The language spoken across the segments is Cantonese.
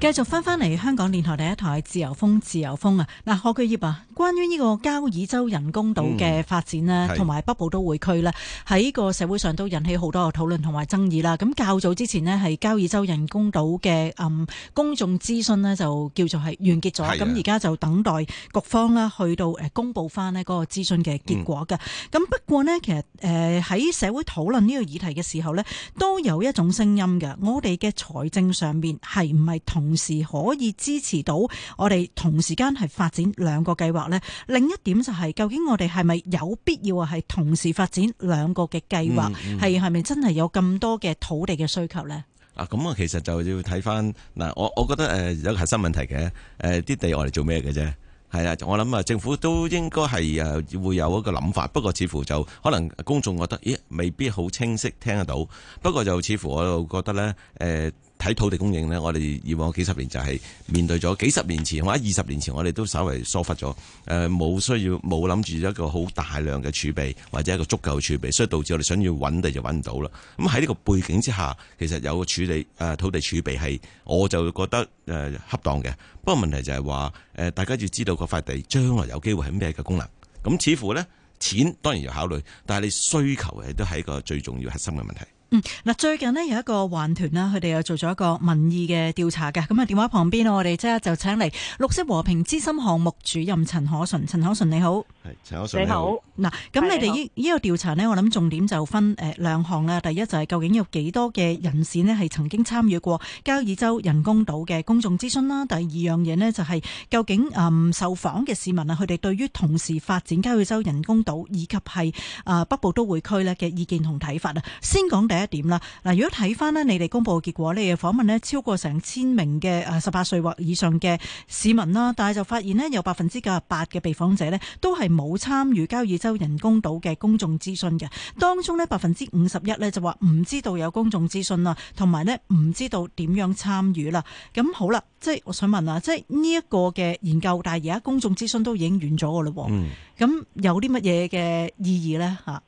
繼續翻返嚟香港電台第一台《自由風》，自由風啊！嗱，何潔業啊。關於呢個交椅洲人工島嘅發展咧，同埋、嗯、北部都會區咧，喺個是社會上都引起好多嘅討論同埋爭議啦。咁較早之前咧，係交椅洲人工島嘅誒、嗯、公眾諮詢咧，就叫做係完結咗。咁而家就等待局方啦去到誒公佈翻呢嗰個諮詢嘅結果嘅。咁、嗯、不過呢，其實誒喺、呃、社會討論呢個議題嘅時候咧，都有一種聲音嘅，我哋嘅財政上面係唔係同時可以支持到我哋同時間係發展兩個計劃？另一點就係究竟我哋係咪有必要話係同時發展兩個嘅計劃？係係咪真係有咁多嘅土地嘅需求咧？嗱、嗯，咁啊，其實就要睇翻嗱，我我覺得誒、嗯、有核心問題嘅，誒、嗯、啲地我哋做咩嘅啫？係啦，我諗啊，政府都應該係誒、嗯、會有一個諗法，不過似乎就可能公眾覺得，咦，未必好清晰聽得到。不過就似乎我就覺得咧，誒、嗯。喺土地供應呢，我哋以往幾十年就係面對咗幾十年前或者二十年前，我哋都稍微疏忽咗，誒、呃、冇需要冇諗住一個好大量嘅儲備或者一個足夠儲備，所以導致我哋想要揾地就揾唔到啦。咁喺呢個背景之下，其實有個處理誒土地儲備係我就覺得誒、呃、恰當嘅。不過問題就係話誒，大家要知道嗰塊地將來有機會係咩嘅功能。咁、嗯、似乎呢，錢當然要考慮，但係你需求亦都係一個最重要核心嘅問題。嗯，嗱，最近咧有一個環團啦，佢哋又做咗一個民意嘅調查嘅，咁啊，電話旁邊我哋即刻就請嚟綠色和平資深項目主任陳可淳，陳可淳你好，係，陳可你好，嗱，咁你哋呢依個調查呢，我諗重點就分誒兩項啊，第一就係究竟有幾多嘅人士咧係曾經參與過交椅洲人工島嘅公眾諮詢啦，第二樣嘢呢，就係究竟、嗯、受訪嘅市民啊，佢哋對於同時發展交椅洲人工島以及係啊、呃、北部都會區咧嘅意見同睇法啊，先講第一。一點啦，嗱，如果睇翻咧，你哋公布嘅結果咧，訪問咧超過成千名嘅誒十八歲或以上嘅市民啦，但係就發現咧有百分之九十八嘅被訪者咧都係冇參與交椅洲人工島嘅公眾諮詢嘅，當中呢，百分之五十一咧就話唔知道有公眾諮詢啦，同埋咧唔知道點樣參與啦。咁好啦，即係我想問啊，即係呢一個嘅研究，但係而家公眾諮詢都已經完咗噶啦，咁、嗯、有啲乜嘢嘅意義呢？吓？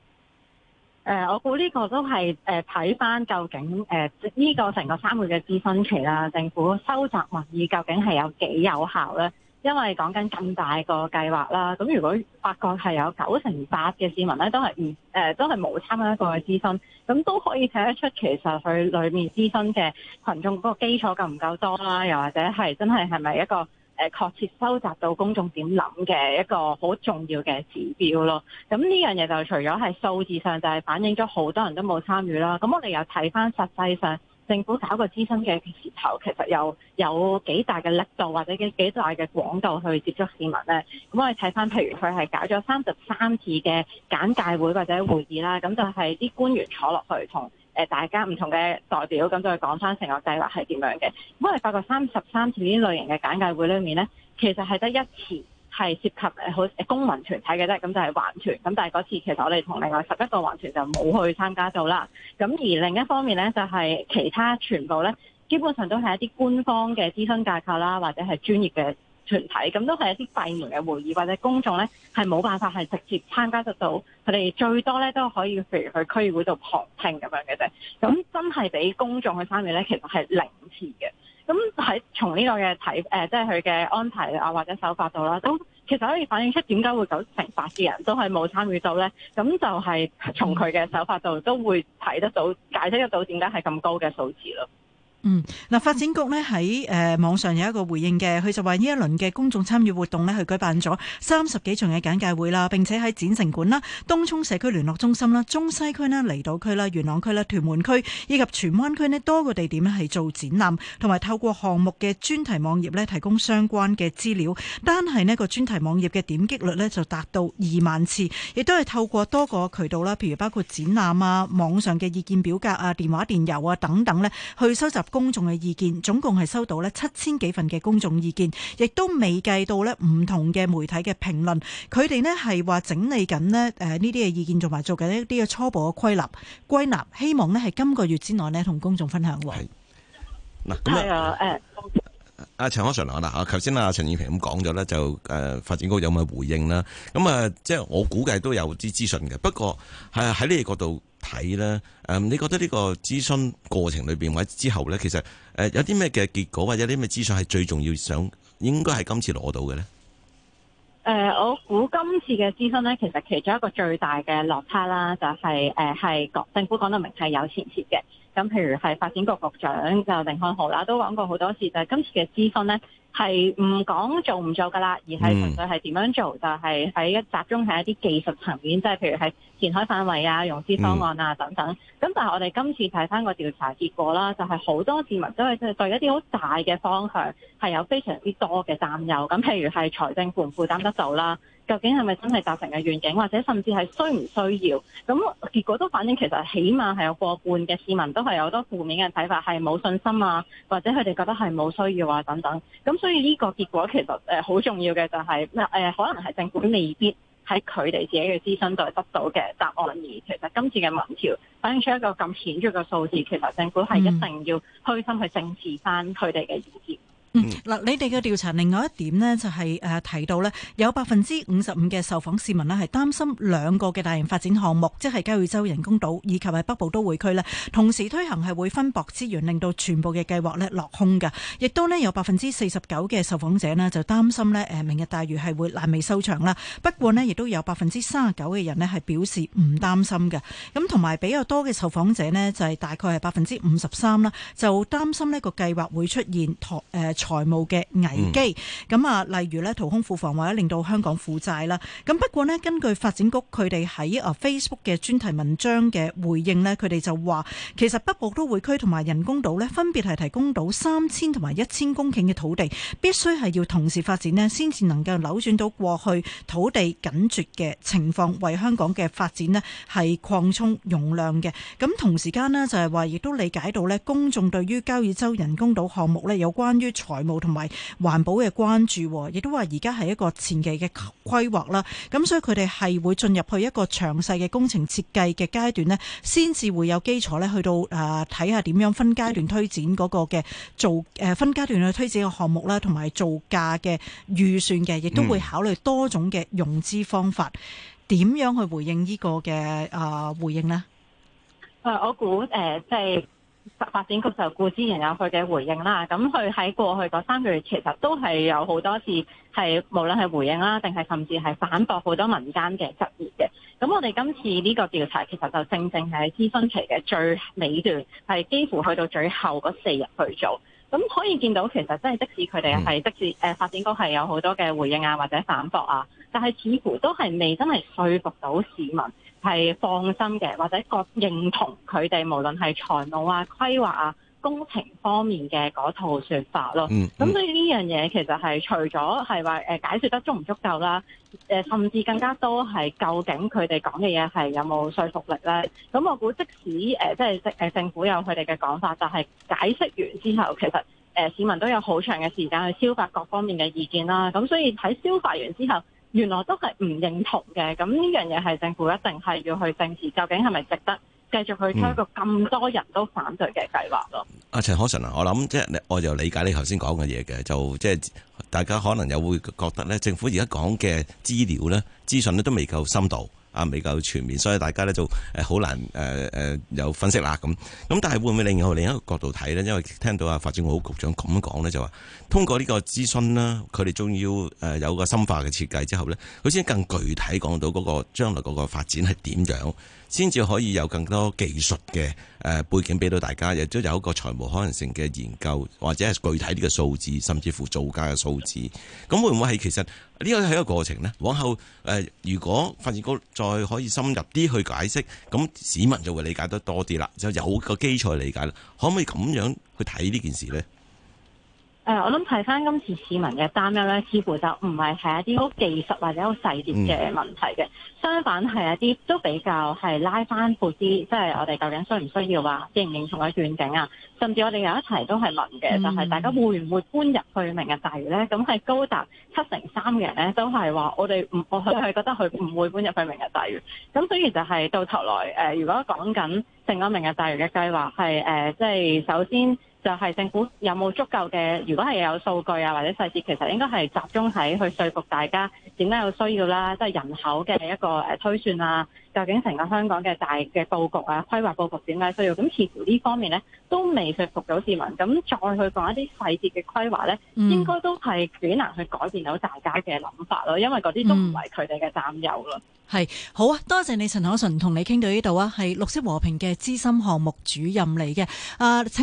誒、呃，我估呢個都係誒睇翻究竟誒呢、呃這個成個三個月嘅諮詢期啦，政府收集民意究竟係有幾有效咧？因為講緊咁大個計劃啦，咁如果發覺係有九成八嘅市民咧都係唔誒都係冇參加過嘅諮詢，咁都可以睇得出其實佢裏面諮詢嘅群眾嗰個基礎夠唔夠多啦？又或者係真係係咪一個？誒確切收集到公眾點諗嘅一個好重要嘅指標咯。咁呢樣嘢就除咗係數字上，就係反映咗好多人都冇參與啦。咁我哋又睇翻實際上政府搞個諮詢嘅時候，其實又有，有幾大嘅力度或者幾幾大嘅廣度去接觸市民咧。咁我哋睇翻，譬如佢係搞咗三十三次嘅簡介會或者會議啦，咁就係啲官員坐落去同大家唔同嘅代表咁，就去講翻成個計劃係點樣嘅。咁我哋發覺三十三次呢類型嘅簡介會裏面呢，其實係得一次係涉及誒，好公民團體嘅啫，咁就係環團。咁但係嗰次其實我哋同另外十一個環團就冇去參加到啦。咁而另一方面呢，就係、是、其他全部呢，基本上都係一啲官方嘅諮詢架構啦，或者係專業嘅。團體咁都係一啲閉門嘅會議，或者公眾咧係冇辦法係直接參加得到，佢哋最多咧都可以譬如去區議會度旁聽咁樣嘅啫。咁真係俾公眾去參與咧，其實係零次嘅。咁喺從呢個嘅睇誒，即係佢嘅安排啊或者手法度啦，都其實可以反映出點解會九成八啲人都係冇參與到咧。咁就係從佢嘅手法度都會睇得到解釋得到點解係咁高嘅數字咯。嗯，嗱，發展局咧喺誒網上有一個回應嘅，佢就話呢一輪嘅公眾參與活動咧，係舉辦咗三十幾場嘅簡介會啦，並且喺展城館啦、東涌社區聯絡中心啦、中西區啦、離島區啦、元朗區啦、屯門區以及荃灣區咧，多個地點係做展覽，同埋透過項目嘅專題網頁咧提供相關嘅資料，單係咧個專題網頁嘅點擊率咧就達到二萬次，亦都係透過多個渠道啦，譬如包括展覽啊、網上嘅意見表格啊、電話電郵啊等等咧，去收集。公眾嘅意見，總共係收到咧七千幾份嘅公眾意見，亦都未計到咧唔同嘅媒體嘅評論。佢哋咧係話整理緊咧誒呢啲嘅意見，同埋做緊一啲嘅初步嘅歸納，歸納希望呢係今個月之內呢同公眾分享。係嗱咁阿陳可淳啦嚇，頭先啊陳燕平咁講咗咧，就誒發展局有冇回應啦？咁啊，即係我估計都有啲諮詢嘅，不過係喺呢個角度睇咧，誒，你覺得呢個諮詢過程裏邊或者之後咧，其實誒有啲咩嘅結果或者啲咩諮詢係最重要，想應該係今次攞到嘅咧？誒、呃，我估今次嘅諮詢咧，其實其中一個最大嘅落差啦，就係誒係國政府講得明係有前設嘅，咁譬如係發展局局長就甯漢豪啦，都講過好多次，就係今次嘅諮詢咧，係唔講做唔做噶啦，而係純粹係點樣做，就係喺一集中喺一啲技術層面，即係譬如係填海範圍啊、融資方案啊等等。咁但係我哋今次睇返個調查結果啦，就係、即係、好多市民都係對一啲好大嘅方向係有非常之多嘅擔憂。咁譬如係財政負唔負擔得到啦？究竟係咪真係達成嘅願景，或者甚至係需唔需要？咁結果都反映其實，起碼係有過半嘅市民都係有好多負面嘅睇法，係冇信心啊，或者佢哋覺得係冇需要啊等等。咁所以呢個結果其實誒好、呃、重要嘅、就係，就係咩誒？可能係政府未必喺佢哋自己嘅諮詢度得到嘅答案而，而其實今次嘅民調反映出一個咁顯著嘅數字，其實政府係一定要虛心去正視返佢哋嘅意見。嗯。嗯，嗱，你哋嘅調查另外一點呢，就係誒提到咧，有百分之五十五嘅受訪市民咧係擔心兩個嘅大型發展項目，即係交椅洲人工島以及係北部都會區咧，同時推行係會分薄資源，令到全部嘅計劃咧落空嘅。亦都咧有百分之四十九嘅受訪者咧就擔心咧，誒明日大嶼係會爛尾收場啦。不過呢，亦都有百分之三十九嘅人咧係表示唔擔心嘅。咁同埋比較多嘅受訪者呢，就係大概係百分之五十三啦，就擔心呢個計劃會出現誒。財務嘅危機，咁啊，例如咧掏空庫房或者令到香港負債啦。咁不過咧，根據發展局佢哋喺啊 Facebook 嘅專題文章嘅回應咧，佢哋就話其實北部都會區同埋人工島咧，分別係提供到三千同埋一千公頃嘅土地，必須係要同時發展咧，先至能夠扭轉到過去土地緊絀嘅情況，為香港嘅發展咧係擴充容量嘅。咁同時間咧就係話，亦都理解到咧，公眾對於交椅洲人工島項目咧，有關於財務同埋環保嘅關注，亦都話而家係一個前期嘅規劃啦。咁所以佢哋係會進入去一個詳細嘅工程設計嘅階段呢，先至會有基礎呢，去到誒睇下點樣分階段推展嗰個嘅做誒、呃、分階段去推展嘅項目啦，同埋造價嘅預算嘅，亦都會考慮多種嘅融資方法，點、嗯、樣去回應呢個嘅誒、呃、回應呢？誒、呃，我估誒即係。呃就是發發展局就固之然有佢嘅回應啦，咁佢喺過去嗰三個月其實都係有好多次係無論係回應啦，定係甚至係反駁好多民間嘅質疑嘅。咁我哋今次呢個調查其實就正正係諮詢期嘅最尾段，係幾乎去到最後嗰四日去做。咁可以見到，其實真係即使佢哋係即使誒、呃、發展局係有好多嘅回應啊，或者反駁啊，但係似乎都係未真係說服到市民係放心嘅，或者覺認同佢哋無論係財務啊、規劃啊。工程方面嘅嗰套說法咯，咁所以呢樣嘢其實係除咗係話誒解釋得足唔足夠啦，誒甚至更加多係究竟佢哋講嘅嘢係有冇說服力咧？咁我估即使誒、呃、即係誒政府有佢哋嘅講法，就係解釋完之後，其實誒、呃、市民都有好長嘅時間去消化各方面嘅意見啦。咁所以喺消化完之後，原來都係唔認同嘅。咁呢樣嘢係政府一定係要去正視究竟係咪值得？繼續去做一個咁多人都反對嘅計劃咯。阿陳、嗯啊、可淳啊，我諗即係，我就理解你頭先講嘅嘢嘅，就即係大家可能又會覺得咧，政府而家講嘅資料咧、資訊咧都未夠深度啊，未夠全面，所以大家咧就誒好難誒誒、呃呃、有分析啦咁。咁但係會唔會另外另一個角度睇呢？因為聽到啊發展局局長咁講咧，就話通過呢個諮詢啦，佢哋仲要誒有個深化嘅設計之後咧，佢先更具體講到嗰個將來嗰個發展係點樣。先至可以有更多技術嘅誒背景俾到大家，亦都有一個財務可能性嘅研究，或者係具體啲嘅數字，甚至乎造價嘅數字。咁會唔會係其實呢個係一個過程呢？往後誒，如果發展局再可以深入啲去解釋，咁市民就會理解得多啲啦，就有個基礎理解啦。可唔可以咁樣去睇呢件事呢？誒、呃，我諗睇翻今次市民嘅擔憂咧，似乎就唔係係一啲好技術或者好細節嘅問題嘅，嗯、相反係一啲都比較係拉翻布啲，即係我哋究竟需唔需要話認唔認同嘅願景啊？甚至我哋有一齊都係問嘅，就係、是、大家會唔會搬入去明日大嶼咧？咁係高達七成三嘅人咧都係話，我哋唔，我係覺得佢唔會搬入去明日大嶼。咁所以就係到頭來誒、呃，如果講緊成個明日大嶼嘅計劃，係誒、呃，即係首先。就係政府有冇足夠嘅？如果係有數據啊，或者細節，其實應該係集中喺去說服大家點解有需要啦，即、就、係、是、人口嘅一個誒推算啊，究竟成個香港嘅大嘅佈局啊、規劃佈局點解需要？咁似乎呢方面呢都未說服到市民。咁再去講一啲細節嘅規劃呢，嗯、應該都係幾難去改變到大家嘅諗法咯。因為嗰啲都唔係佢哋嘅擔憂咯。係、嗯、好啊！多謝你，陳可淳同你傾到呢度啊，係綠色和平嘅資深項目主任嚟嘅。啊、呃，請。